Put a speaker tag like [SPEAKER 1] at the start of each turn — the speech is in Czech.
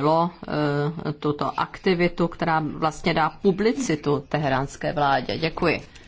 [SPEAKER 1] bylo eh, tuto aktivitu, která vlastně dá publicitu teheránské vládě. Děkuji.